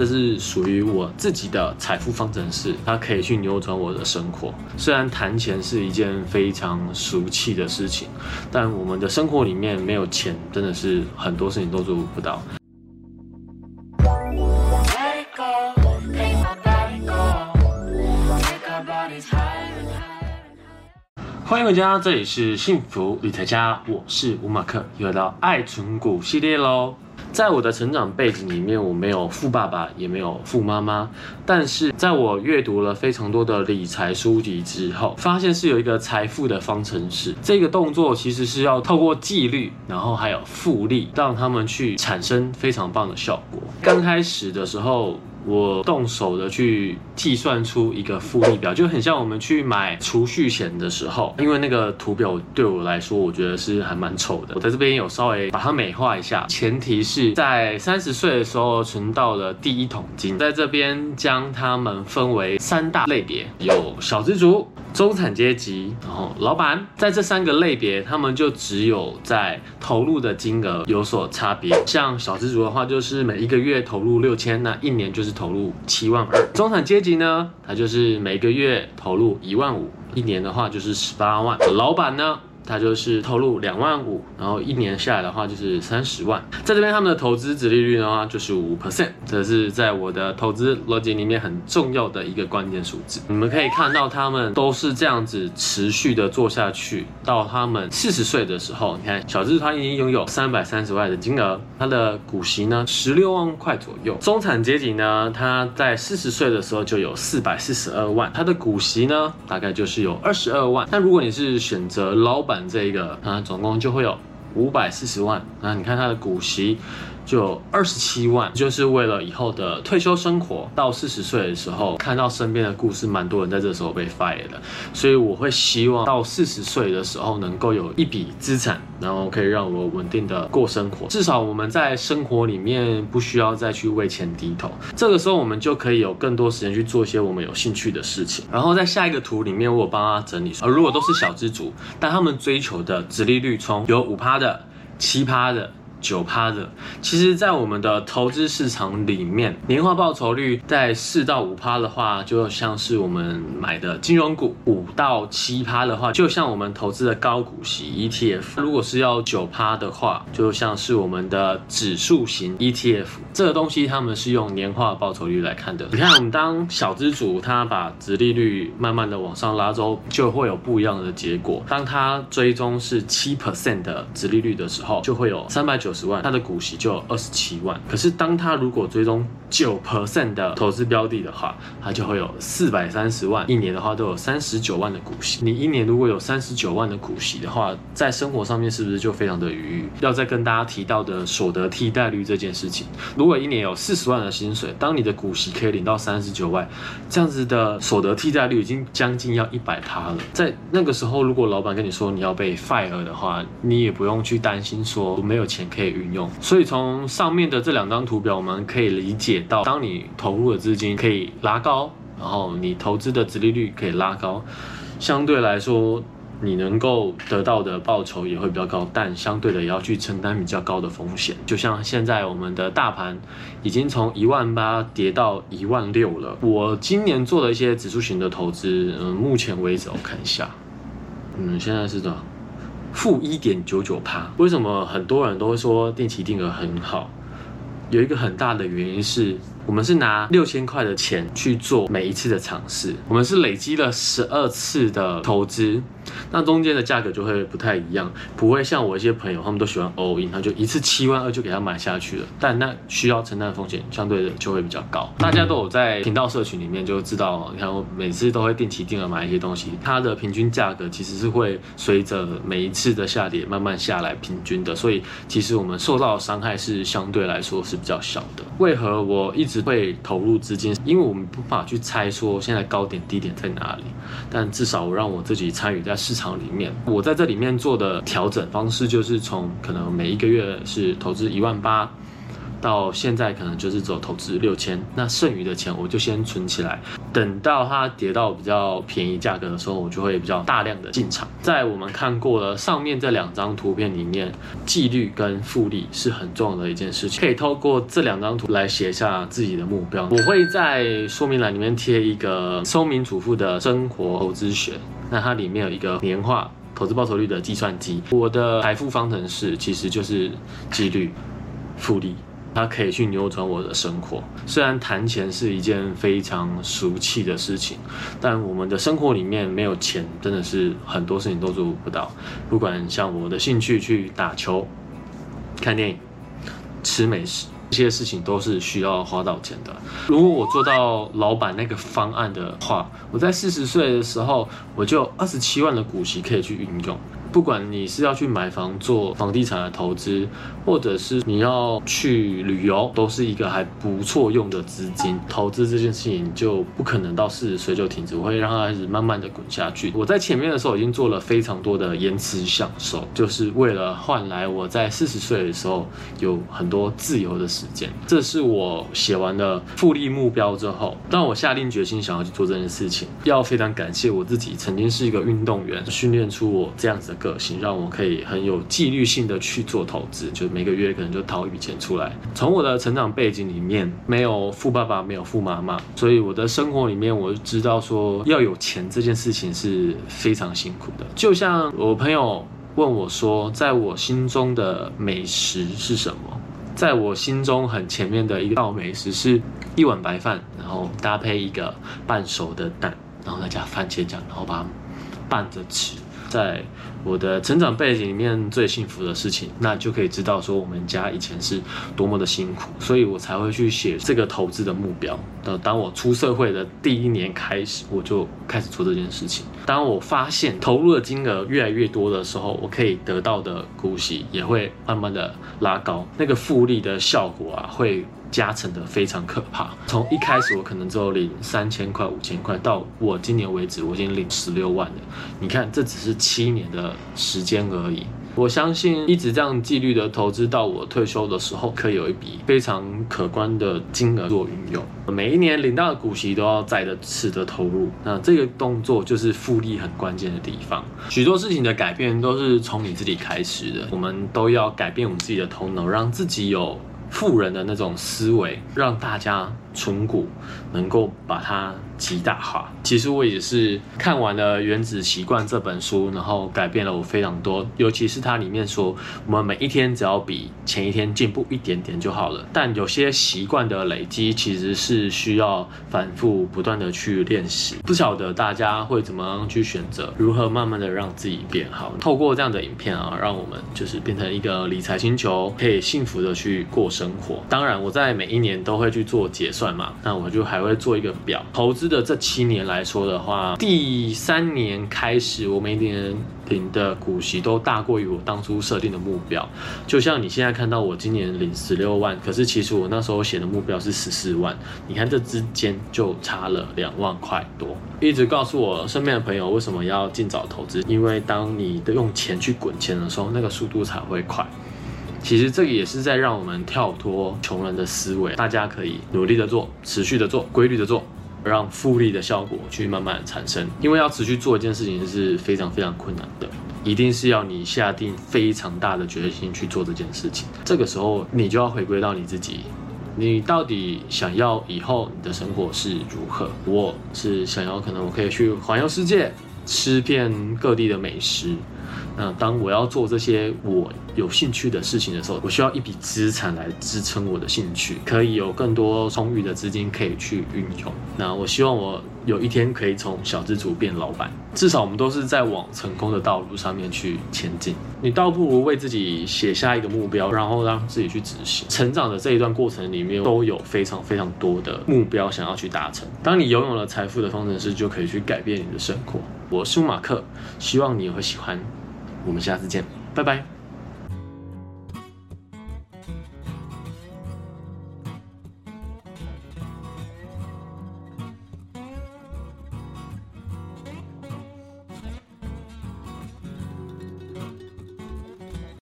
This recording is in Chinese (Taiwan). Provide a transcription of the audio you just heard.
這是屬於我自己的財富方程式，它可以去扭轉我的生活。雖然談錢是一件非常俗氣的事情，但我們的生活裡面沒有錢，真的是很多事情都做不到。歡迎回家，這裡是幸福理財家，我是吳馬克，又來到愛存股系列嘍。在我的成長背景裡面，我沒有富爸爸，也沒有富媽媽，但是在我閱讀了非常多的理財書籍之後，發現是有一個財富的方程式。這個動作其實是要透過紀律，然後還有複利，讓他們去產生非常棒的效果。剛開始的時候。我動手的去計算出一個複利表，就很像我們去買儲蓄險的時候。因為那個圖表對我來說，我覺得是還蠻醜的。我在這邊有稍微把它美化一下，前提是在三十歲的時候存到了第一桶金，在這邊將它們分為三大類別，有小資族，中產階級，然後老闆，在這三個類別，他們就只有在投入的金額有所差別。像小資族的話，就是每一個月投入六千，那一年就是投入七萬二。中產階級呢，他就是每個月投入一萬五，一年的話就是十八萬。老闆呢？他就是投入兩萬五，然後一年下來的話就是三十萬，在這邊他們的投資殖利率的話就是五 percent，這是在我的投資邏輯裡面很重要的一個關鍵數字。你們可以看到，他們都是這樣子持續的做下去，到他們四十歲的時候，你看小資他已經擁有三百三十萬的金額，他的股息呢，十六萬塊左右。中產階級呢，他在四十歲的時候就有四百四十二萬，他的股息呢，大概就是有二十二萬。那如果你是選擇老闆，這一個啊，總共就會有五百四十萬。那你看它的股息。就二十七萬，就是為了以後的退休生活。到四十歲的時候，看到身邊的故事，蠻多人在這時候被 fire 的，所以我會希望到四十歲的時候能夠有一筆資產，然後可以讓我穩定的過生活。至少我們在生活裡面不需要再去為錢低頭，這個時候我們就可以有更多時間去做一些我們有興趣的事情。然後在下一個圖裡面，我有幫他整理說，而如果都是小資族，但他們追求的殖利率從有五趴的、七趴的。九趴的，其實，在我們的投資市場裡面，年化報酬率在四到五趴的話，就像是我們買的金融股；五到七趴的話，就像我們投資的高股息 ETF；如果是要九趴的話，就像是我們的指數型 ETF。這個東西他們是用年化報酬率來看的。你看，當小資主他把殖利率慢慢的往上拉之後，就會有不一樣的結果。當他追蹤是七 percent 的殖利率的時候，就會有三百九。九十萬，他的股息就有二十七萬。可是，當他如果追蹤九 percent 的投資標的的話，他就會有四百三十萬。一年的話都有三十九萬的股息。你一年如果有三十九萬的股息的話，在生活上面是不是就非常的愉悅？要再跟大家提到的所得替代率這件事情，如果一年有四十萬的薪水，當你的股息可以領到三十九萬，這樣子的所得替代率已經將近要一百趴了。在那個時候，如果老闆跟你說你要被 fire 的話，你也不用去擔心說我沒有錢可以運用，所以從上面的這兩張圖表，我們可以理解到，當你投入的資金可以拉高，然後你投資的殖利率可以拉高，相對來說，你能夠得到的報酬也會比較高，但相對的也要去承擔比較高的風險。就像現在我們的大盤已經從一萬八跌到一萬六了，我今年做了一些指數型的投資，嗯、呃，目前為止我看一下，嗯，現在是多少？負一點九九趴，為什麼很多人都會說定期定額很好？有一個很大的原因是，我們是拿六千塊的錢去做每一次的嘗試，我們是累積了十二次的投資。那中間的價格就會不太一樣，不會像我一些朋友，他們都喜歡 all in，他就一次七萬二就給他買下去了，但那需要承擔的風險相對的就會比較高。大家都有在頻道社群裡面就知道，你看我每次都會定期定額買一些東西，它的平均價格其實是會隨着每一次的下跌慢慢下來平均的，所以其實我們受到的傷害是相對來說是比較小的。為何我一直會投入資金？因為我們無法去猜說現在高點低點在哪裡，但至少我讓我自己參與在市場裡面，我在這裡面做的調整方式就是從可能每一個月是投資一萬八，到現在可能就是走投資六千，那剩餘的錢我就先存起來，等到它跌到比較便宜價格的時候，我就會比較大量的進場。在我們看過了上面這兩張圖片裡面，紀律跟複利是很重要的一件事情，可以透過這兩張圖來寫下自己的目標。我會在說明欄裡面貼一個聰明主婦的生活投資學。那它裡面有一個年化投資報酬率的計算機，我的財富方程式其實就是紀律、複利，它可以去扭轉我的生活。雖然談錢是一件非常俗氣的事情，但我們的生活裡面沒有錢，真的是很多事情都做不到。不管像我的興趣去打球、看電影、吃美食。這些事情都是需要花到錢的。如果我做到老闆那個方案的話，我在四十歲的時候，我就有二十七萬的股息可以去運用。不管你是要去買房做房地產的投資，或者是你要去旅遊，都是一個還不錯用的資金。投資這件事情就不可能到四十歲就停止，我會讓它開始慢慢的滾下去。我在前面的時候已經做了非常多的延遲享受，就是為了換來我在四十歲的時候有很多自由的時間。這是我寫完的複利目標之後，當我下定決心想要去做這件事情。要非常感謝我自己曾經是一個運動員，訓練出我這樣子的個性讓我可以很有紀律性的去做投資，就是每個月可能就掏一筆錢出來。從我的成長背景裡面，沒有富爸爸，沒有富媽媽，所以我的生活裡面，我就知道說要有錢這件事情是非常辛苦的。就像我朋友問我說，在我心中的美食是什麼？在我心中很前面的一道美食是一碗白飯，然後搭配一個半熟的蛋，然後再加番茄醬，然後把它拌着吃，在。我的成長背景裡面最幸福的事情，那就可以知道說我們家以前是多麼的辛苦，所以我才會去寫這個投資的目標。當我出社會的第一年開始，我就開始做這件事情。當我發現投入的金額越來越多的時候，我可以得到的股息也會慢慢的拉高，那個複利的效果啊，會。加成的非常可怕。從一開始，我可能只有領三千塊、五千塊，到我今年為止，我已經領十六萬了。你看，這只是七年的時間而已。我相信，一直這樣紀律的投資，到我退休的時候，可以有一筆非常可觀的金額做運用。每一年領到的股息都要再的次的投入。那這個動作就是複利很關鍵的地方。許多事情的改變都是從你自己開始的。我們都要改變我們自己的頭腦，讓自己有。富人的那種思維，讓大家存股，能夠把它極大化。其實我也是看完了《原子習慣》這本書，然後改變了我非常多。尤其是它裡面說，我們每一天只要比前一天進步一點點就好了。但有些習慣的累積，其實是需要反覆不斷的去練習。不曉得大家會怎麼樣去選擇，如何慢慢的讓自己變好。透過這樣的影片啊，讓我們就是變成一個理財星球，可以幸福的去過生活。當然，我在每一年都會去做結算嘛，那我就還會做一個表，投資。的這七年來說的話，第三年開始，我每年領的股息都大過於我當初設定的目標。就像你現在看到我今年領十六萬，可是其實我那時候寫的目標是十四萬，你看這之間就差了兩萬塊多。一直告訴我身邊的朋友為什麼要盡早投資，因為當你的用錢去滾錢的時候，那個速度才會快。其實這個也是在讓我們跳脫窮人的思維，大家可以努力的做，持續的做，規律的做。讓複利的效果去慢慢產生，因為要持續做一件事情是非常非常困難的，一定是要你下定非常大的決心去做這件事情。這個時候，你就要回歸到你自己，你到底想要以後你的生活是如何？我是想要可能我可以去環遊世界。吃遍各地的美食。那當我要做這些我有興趣的事情的時候，我需要一筆資產來支撐我的興趣，可以有更多充裕的資金可以去運用。那我希望我有一天可以從小資族變老闆，至少我們都是在往成功的道路上面去前進。你倒不如為自己寫下一個目標，然後讓自己去執行。成長的這一段過程裡面，都有非常非常多的目標想要去達成。當你擁有了財富的方程式，就可以去改變你的生活。我是馬克，希望你也會喜歡。我們下次見，拜拜。